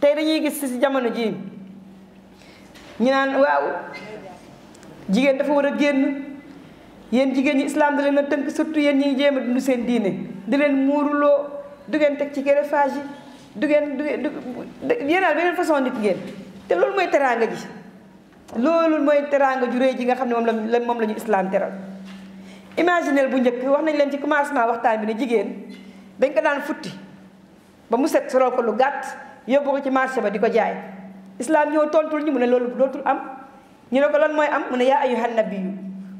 tey dañuy gis si jamono ji ñu naan waaw jigéen dafa war a génn yéen ñi islam da leen a tënk surtout yéen ñi jéem a dund seen diine di leen muuruloo du ngeen teg ci greffage yi du ngeen du yéen daal beneen façon nit ngeen te loolu mooy teraanga ji loolu mooy teraanga ju réy ji nga xam ne moom la moom la islam teral imaginel bu njëkk wax nañ leen ci commencement waxtaan bi ne jigéen dañ ko daan futti ba mu set sorol ko lu gàtt yóbbu ko ci marché ba diko jaay islam ñoo tontul ñu mu ne loolu dootul am ñu ne ko lan mooy am mu ne yaa ayuha nabiyu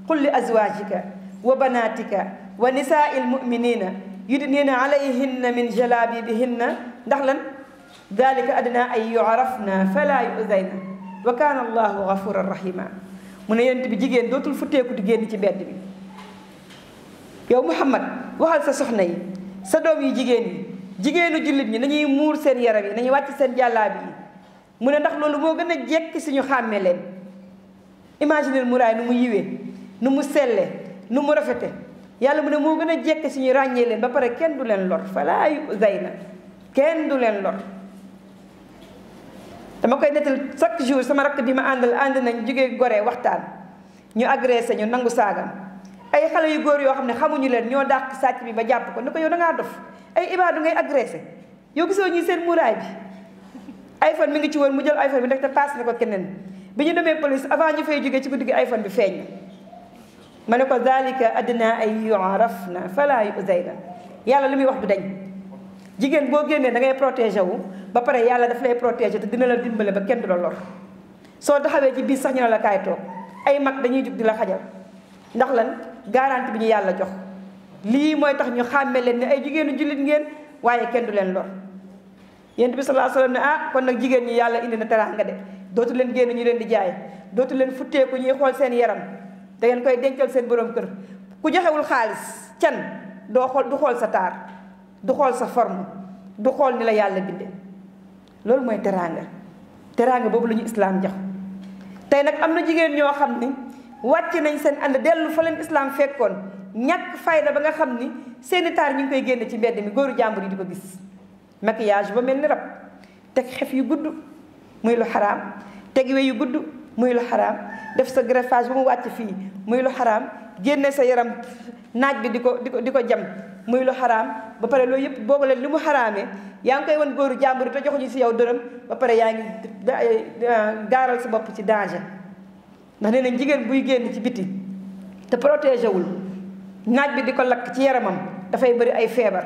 qul li azwajika wa banatika wa nisaa'il mu'minina yudnina alayhinna min jalabibihinna ndax lan dalika adna ay yu'rafna fala yu'zayna wa kana allah ghafuran rahima mu ne yent bi jigen dootul futteeku di génn ci bedd bi yow muhammad waxal sa soxna yi sa doom yi jigéen yi jigéenu jullit ñi nañuy muur seen yaram yi nañuy wàcc seen jàllaab yi mu ne ndax loolu moo gën a jekk si ñu xàmme leen imaginer muraay nu mu yiwee nu mu selle nu mu rafete yàlla mu ne moo gën a jekk si ñu ràññee leen ba pare kenn du leen lor falaayu zay na kenn du leen lor dama koy nettal chaque jour sama rakk bi ma àndal ànd nañ jóge gore waxtaan ñu agressé ñu nangu saagam ay xale yu góor yoo xam ne xamuñu leen ñoo dàq sàcc bi ba jàpp ko ni ko yow da ngaa dof ay ibaadu ngay agressé yow gisoo ñuy seen muraay bi iphone mu ngi ci woon mu jël iphone bi ndax te paas na ko keneen bi ñu demee police avant ñu fay jógee ci guddi gi iphone bi feeñ ma ne ko zalika àddina ay yuaraf na fala na yàlla li muy wax bu dañ jigéen boo génnee dangay ngay protégé wu ba pare yàlla daf lay protégé te dina la dimbale ba kenn du la lor soo taxawee ci biir sax ñu ne la kaay toog ay mag dañuy jug di la xajal ndax lan garanti bi ñu yàlla jox lii mooy tax ñu xàmme leen ne ay jigéenu jullit ngeen waaye kenn du leen lor yéen bi sallallahu alayhi wasallam ne ah kon nag jigéen ñi yàlla indi na teraanga de dootu leen génn ñu leen di jaay dootu leen futteeku ñuy xool seen yaram da ngeen koy dencal seen borom kër ku joxewul xaalis can doo xool du xool sa taar du xool sa forme du xool ni la yàlla binde loolu mooy teraanga teraanga boobu la ñu islaam jax tey nag am na jigéen ñoo xam ni wàcc nañ seen ànd dellu fa leen islam fekkoon ñàkk fayda ba nga xam ni seeni taar ñu ngi koy génne ci mbedd mi góoru jàmbur di ko gis maquillage ba mel ni rab teg xef yu gudd muy lu xaraam teg we yu gudd muy lu xaraam def sa greffage ba mu wàcc fii muy lu xaraam génne sa yaram naaj bi di ko di ko jam muy lu haram. ba pare loolu yëpp boobu leen li mu xaraamee yaa ngi koy wan góoru jàmbur yi te joxuñu si yow dërëm ba pare yaa ngi eh, sa bopp ci danger ndax nee jigen jigéen buy génn ci biti te protégé wul naaj bi diko lak ci yaramam da fay bëri ay feebar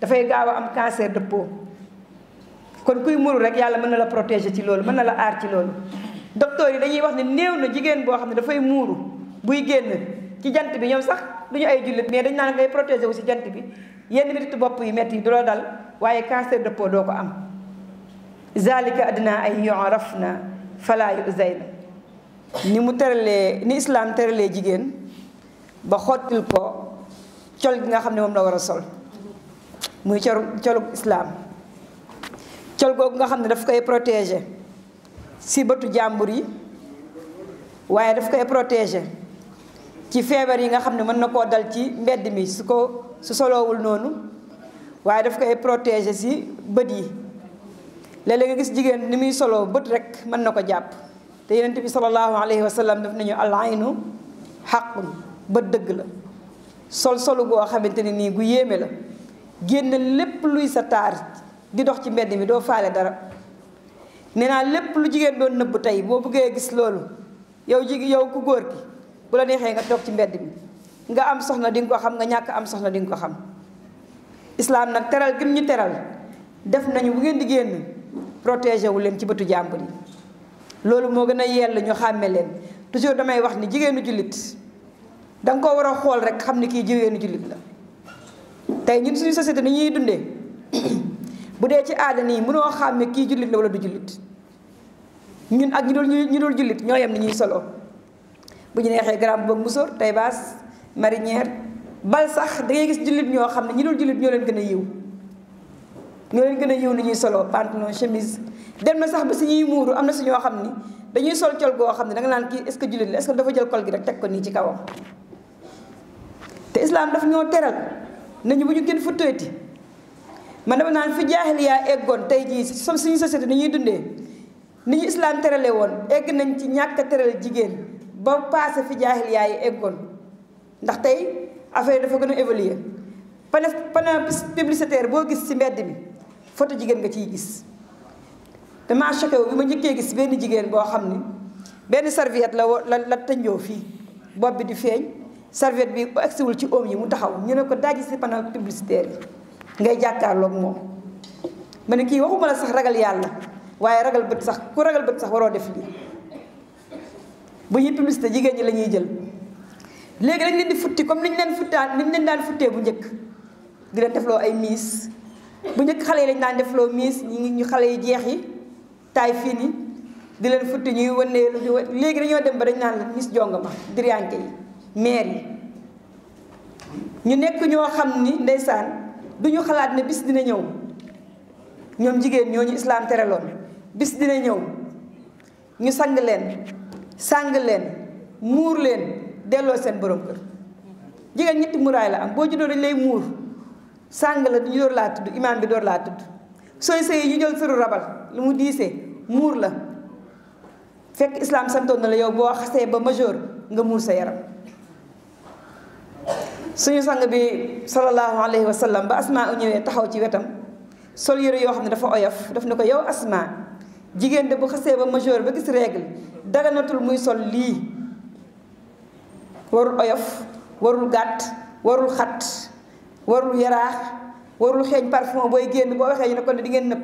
da fay gawa am cancer de peau kon kuy muru rek yàlla man la protéger ci loolu man la ar ci loolu docteur yi dañuy wax ni néew na jigéen boo xam ne dafay muuru buy génn ci jant bi ñom sax duñu ay julit mais dañ nan ngay protéger wu ci jant bi yenn mettitu bop yi metti yi du la dal waye cancer de peau doo ko am zalika adna ay yu'rafna fala yuzayna ni mu tëralee ni islaam tëralee jigéen ba xottil ko col gi nga xam ne moom la war a sol muy col colug islaam col googu nga xam ne daf koy protéger si bëtu jàmbur yi waaye daf koy protéger ci feebar yi nga xam ne mën na koo dal ci mbedd mi su ko su soloowul noonu waaye daf koy protéger si bët yi léeg-léeg nga gis jigéen ni muy soloo bët rek mën na ko jàpp te yonent bi sallallahu alayhi wa sallam nañu al aynu xaqun bët dëgg la sol solu goo xamante ne nii gu yéeme la génn lépp luy sa taar di dox ci mbedd mi doo faale dara nee naa lépp lu jigéen doon nëbb tey boo bëggee gis loolu yow jig yow ku góor ki bu la neexee nga toog ci mbedd mi nga am soxna di ko xam nga ñàkk am soxna di nga ko xam islaam nag teral gim ñu teral def nañu bu ngeen di génn protéger wu leen ci bëtu jàmbur yi loolu moo gën a yell ñu xàmme leen toujours damay wax ni jigéenu jullit da nga ko war a xool rek xam ni kii jigéenu jullit la tey ñun suñu société ni ñuy dundee bu dee ci aada nii mënoo xàmme kii jullit la wala du jullit ñun ak ñu dul ñu dul jullit ñoo yem ni ñuy solo bu ñu neexee garam boog musóor tey baas marinière bal sax da ngay gis jullit ñoo xam ne ñi dul jullit ñoo leen gën a yiw ñoo leen gën a yiw ni ñuy solo pantalon chemise dem na sax ba si ñuy muuru am na si ñoo xam ni dañuy sol col goo xam ne da nga naan kii est ce que la est ce dafa jël gi rek ko ci kawam. te islam daf ñoo teral nañu bu ñu gën fu tëyti man dama naan fi jaahiliyaa eggoon tey jii so suñu société ni ni islam terale woon egg nañ ci ñàkk a teral jigéen ba passé fi jaahiliyaa yi eggoon ndax tey affaire dafa gën a publicitaire gis si mbedd mi photo jigéen nga ciy gis damaa choqué wu bi ma njëkkee gis benn jigéen boo xam ni benn serviette la la la tënjoo fii bi di feeñ serviette bi bu agsiwul ci oom yi mu taxaw ñu ne ko daaji si panneau publicitaire yi ngay jàkkaarloog moom ma ne kii waxuma la sax ragal yàlla waaye ragal bët sax ku ragal bët sax waroo def lii bu ñuy publicité jigéen ñi la ñuy jël léegi dañ leen di futti comme niñ leen futtaan niñ leen daan futtee bu njëkk di leen defloo ay miis bu njëkk xale yi lañ daan defloo miis ñi ñu xale yi jeex taay fii nii di leen futti ñuy wëndeelu léegi dañoo dem ba dañ naan la Miss Jongama diriyànke yi maire yi ñu nekk ñoo xam ni ndeysaan du ñu xalaat ne bis dina ñëw ñoom jigéen ñooñu islaam tereloon bis dina ñëw ñu sang leen sàng leen muur leen delloo seen borom kër jigéen ñetti muraay la am boo juddoo dañ lay muur sàng la du ñu door laa tudd imaam bi door laa tudd sooy sëy ñu jël firu rabal lu mu diisee muur la fekk islaam santoon na la yow boo xasee ba majeur nga muur sa yaram suñu sang bi sallallahu alayhi wa sallam ba asma u ñëwee taxaw ci wetam sol yëre yoo xam ne dafa oyof daf ne ko yow asma jigéen de bu xasee ba majoor ba gis règle daganatul muy sol lii warul oyof warul gàtt warul xat warul yaraax warul xeeñ parfum booy génn boo waxee ñu ne ko di ngeen nëpp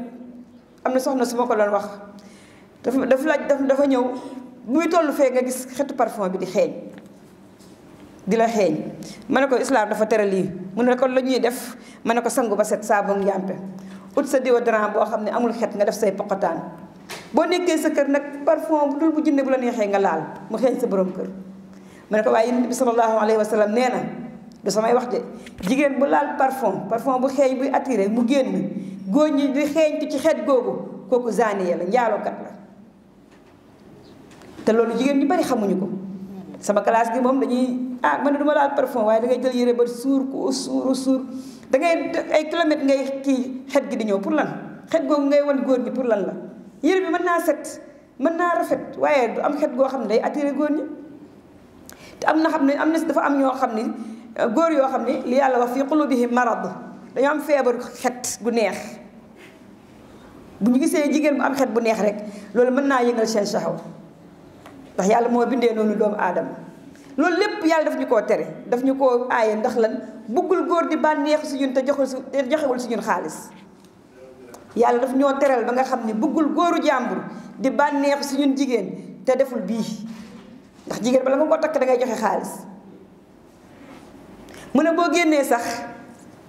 am na soxna su ma ko doon wax dafa dafa laaj dafa ñëw muy tollu fee nga gis xetu parfum bi di xeeñ di la xeeñ ma ne ko islaam dafa tere lii mu ne kon la ñuy def ma ne ko sangu ba set saabu njàmpe ut sa déodorant boo xam ne amul xet nga def say poqotaan boo nekkee sa kër nag parfum bu dul bu jinne bu la neexee nga laal mu xeeñ sa borom kër ma ne ko waaye yonent bi sallallahu alayhi wa sallam nee na du samay wax de jigen bu lal parfum parfum bu xey bu attirer mu génn góor ñi di xeeñtu ci xet gogo koku zaniya la kat la te lolu jigen ñu bari xamuñu ko sama classe gi mom dañuy ah man duma lal parfum waaye da ngay jël yére ba suur ko suur suur da ngay ay kilomètre ngay ki xet gi di ñëw pour lan xet gogo ngay won góor ñi pour lan la yére bi man na set man na rafet waye du am xet go xamne day attirer góor ñi amna xamne amna dafa am ño xamne Euh, góor yoo xam ne li yàlla wax fi qulubihim marad dañoo am feebar xet gu neex bu ñu gisee jigéen bu am xet bu neex rek loolu mën naa yëngal seen saxaw ndax yàlla moo bindee noonu doomu aadama loolu lépp yàlla daf ñu ko tere daf ñu ko aaye ndax lan buggul góor di bànneexu si ñun te joxul su te joxewul si ñun xaalis yàlla daf ñoo teral ba nga xam ne buggul góoru jàmbur di bànneexu si ñun jigéen te deful bii ndax jigéen bala nga ko takk da ngay joxe xaalis mu ne boo génnee sax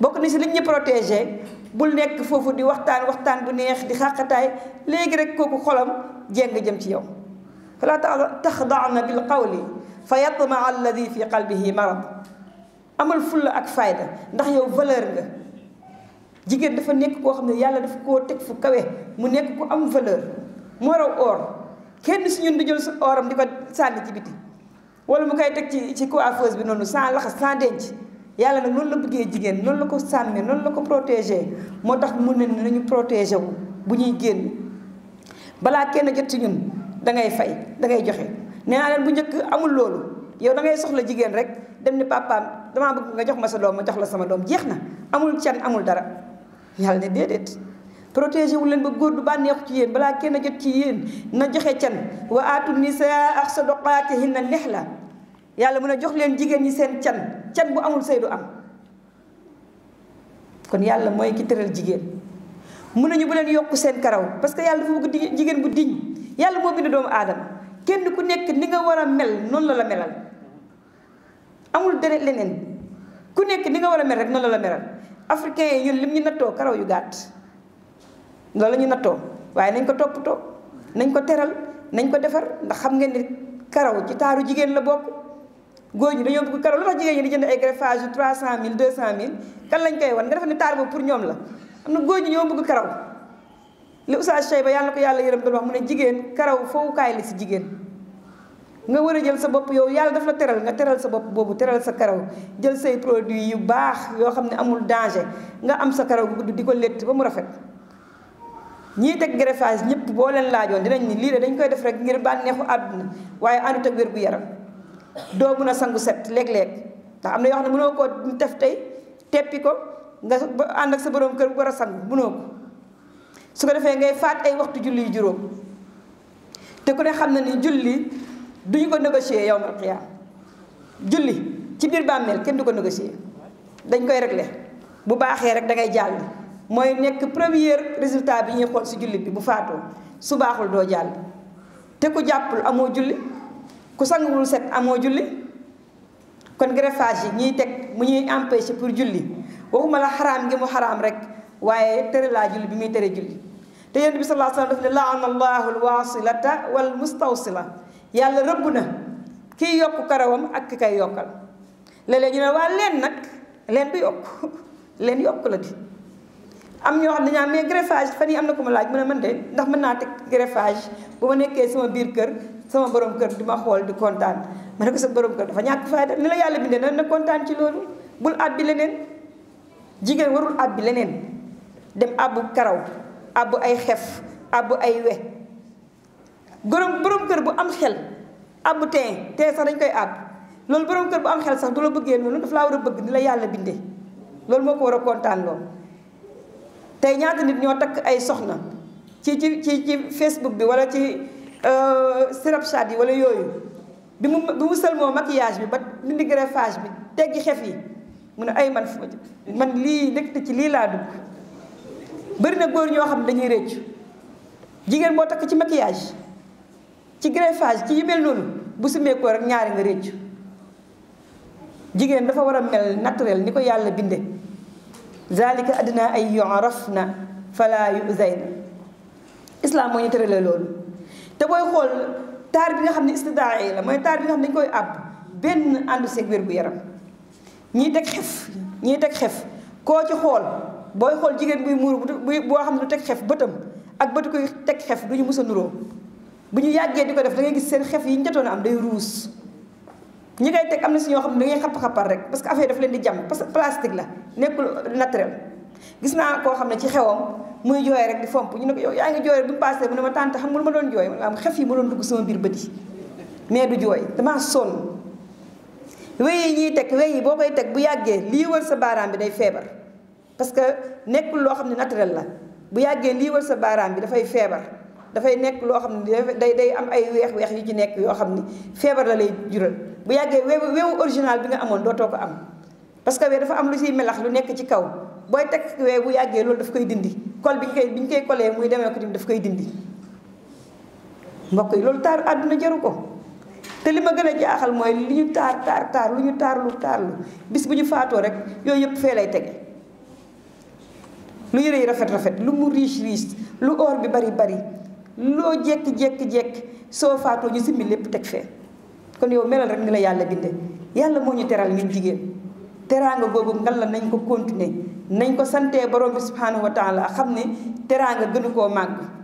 bokk ni ci liñu protéger bul nek fofu di waxtaan waxtaan bu neex di xàqataay légui rek koku xolam jéng jëm ci yow fala takhda'na bil qawli fayatma alladhi fi qalbihi marad amul ful ak fayda ndax yow valeur nga jigéen dafa nek ko xamne yàlla dafa ko tek fu kawe mu nek ko am valeur mo raw or kenn si ñun du jël oram diko sànni ci biti wala mu kay tek ci ci coiffeuse bi nonu sans lax sans denc yàlla nag loolu la bëggee jigéen loolu la ko sàmmee loolu la ko protégé moo tax mun ne nañu protégé wu bu ñuy génn balaa kenn jot ci ñun da ngay fay da ngay joxe nee naa leen bu njëkk amul loolu yow da ngay soxla jigéen rek dem ni papaam damaa bëgg nga jox ma sa doom ma jox la sama doom jeex na amul can amul dara yàlla ne déedéet protégé wu leen ba góor du bànneexu ci yéen balaa kenn jot ci yéen na joxe can wa aatu nisaa ak sadoqaatihinna nihla yàlla mun a jox leen jigéen ñi seen can cat bu amul sëy du am kon yàlla mooy ki tëral jigéen mun nañu bu leen yokk seen karaw parce que yàlla dafa bëgg jigéen bu diñ yàlla moo bind doomu aadama kenn ku nekk ni nga war a mel noonu la la melal amul deret leneen ku nekk ni nga war a mel rek la la melal africain yi ñun lim ñu nattoo karaw yu gàtt loolu la ñu nattoo waaye nañ ko toppatoo nañ ko teral nañ ko defar ndax xam ngeen ni karaw ci taaru jigéen la bokk góor ñi dañoo bëgg karaw lu tax jigéen ñi di jënd ay greffage yu 300000 200000 kan lañ koy wan nga defe ne taar boobu pour ñoom la am na góor ñi ñoo bëgg karaw li Oustaz Cheikh ba yàlla ko yàlla yërëm doon wax mu ne jigéen karaw fowukaay la si jigéen nga war a jël sa bopp yow yàlla daf la teral nga teral sa bopp boobu teral sa karaw jël say produit yu baax yoo xam ne amul danger nga am sa karaw gudd di ko létt ba mu rafet ñii teg greffage ñëpp boo leen laajoon dinañ ni lii de dañ koy def rek ngir bànneexu àdduna waaye àndut ak bu yaram doo mun a sangu set léeg-léeg ndax am na yoo xam ne mënoo koo def tey teppi ko nga ànd ak sa borom kër war a sangu mënoo ko su ko defee ngay faat ay waxtu julli yu juróom te ku ne xam na ni julli duñu ko négocier yow mal xiyaam julli ci biir bàmmeel kenn du ko négocier dañ koy regle bu baaxee rek dangay ngay jàll mooy nekk premier résultat bi ñuy xool si julli bi bu faatoo su baaxul doo jàll te ku jàppul amoo julli ku sanguwul set amoo julli kon greffage yi ñuy teg mu ñuy empêché pour julli waxuma la xaraam gi mu xaraam rek waaye tere laa julli bi muy tere julli te yonent bi sallallahu alayhi wa sallam daf ne laana allahu alwasilata wal mustawsila yàlla rëbb na kiy yokk karawam ak ki kay yokkal léeg-léeg ñu ne waa leen nag leen du yokk leen yokk la di am ñoo xam ne ñaa mais greffage fan yi am na ko ma laaj mu ne man de ndax mën naa teg greffage bu ma nekkee sama biir kër sama borom kër di ma xool di kontaan ma ne sa borom kër dafa ñàkk fayda ni la yàlla bindee na na kontaan ci loolu bul àbbi leneen jigéen warul àbbi leneen dem àbbu karaw àbbu ay xef àbbu ay we kër bu am xel àbbu teen teen sax dañ koy àbb loolu borom kër bu am xel sax du la bëggee noonu daf laa war a bëgg ni la yàlla binde loolu moo ko war a kontaan loolu tey ñaata nit ñoo takk ay soxna ci ci ci ci Facebook bi wala ci euh, Snapchat yi wala yooyu bi mu bi mu sëlmoo maquillage bi ba dindi greffage bi teggi xef yi mu ne ay man man lii nekk ci lii laa dugg bëri na góor ñoo xam ne dañuy réccu jigéen moo takk ci maquillage ci greffage ci yu mel noonu bu sumeekoo rek ñaari nga réccu jigéen dafa war a mel naturel ni ko yàlla binde ذلك ادنى ان يعرفنا فلا يؤذينا اسلام مو نيتري لول تا بوي خول تار بيغا خا مني استدعاي لا موي تار بيغا خا مني كوي اب بن اندو سيك وير بو يرام ني تك خف ني تك خف كو تي خول بوي خول جيجن بوي مور بو بو خا مني تك خف بتم اك بت كوي تك خف دوني موسا نورو بو ني ياغي ديكو داف داغي غيس سين خف يي نجاتون ام داي روس ñu ngay teg am na si ñoo xam ne da ngay xapp-xappal rek parce que affaire daf leen di jàmm parce que plastique la nekkul naturel gis naa koo xam ne ci xewam muy jooy rek di fomp ñu ne ko yow yaa ngi jooy rek bu mu paasee mu ne ma tànt xam nga lu ma doon jooy am xef yi ma doon dugg sama biir bët yi mais du jooy damaa sonn wéy yi ñuy teg wéy yi boo koy teg bu yàggee lii wër sa baaraam bi day feebar parce que nekkul loo xam ne naturel la bu yàggee lii wër sa baaraam bi dafay feebar dafay nekk loo xam ne day day am ay weex weex yu ci nekk yoo xam ni feebar la lay jural bu yàggee weewu weewu original bi nga amoon dootoo ko am parce que dafa am lu ciy melax lu nekk ci kaw booy teg wee bu yàggee loolu daf koy dindi col bi koy bi koy colee muy demee ko tim daf koy dindi mbokk yi loolu jaru ko te li ma gën a jaaxal mooy li ñu taar taar taar lu ñu taar taarlu bis bu ñu faatoo rek yooyu yëpp fee lay tege lu yëre yi rafet rafet lu mu riche riche lu or bi bari bari loo jékki jékki jékk soo faatoo ñu simmi lépp teg fee kon yow melal rek ni la yàlla binde yàlla moo ñu teral ñun jigéen teraanga boobu ngal la nañ ko continuer nañ ko santee borom bi subhanahu wa taala xam ne teraanga gënu koo màgg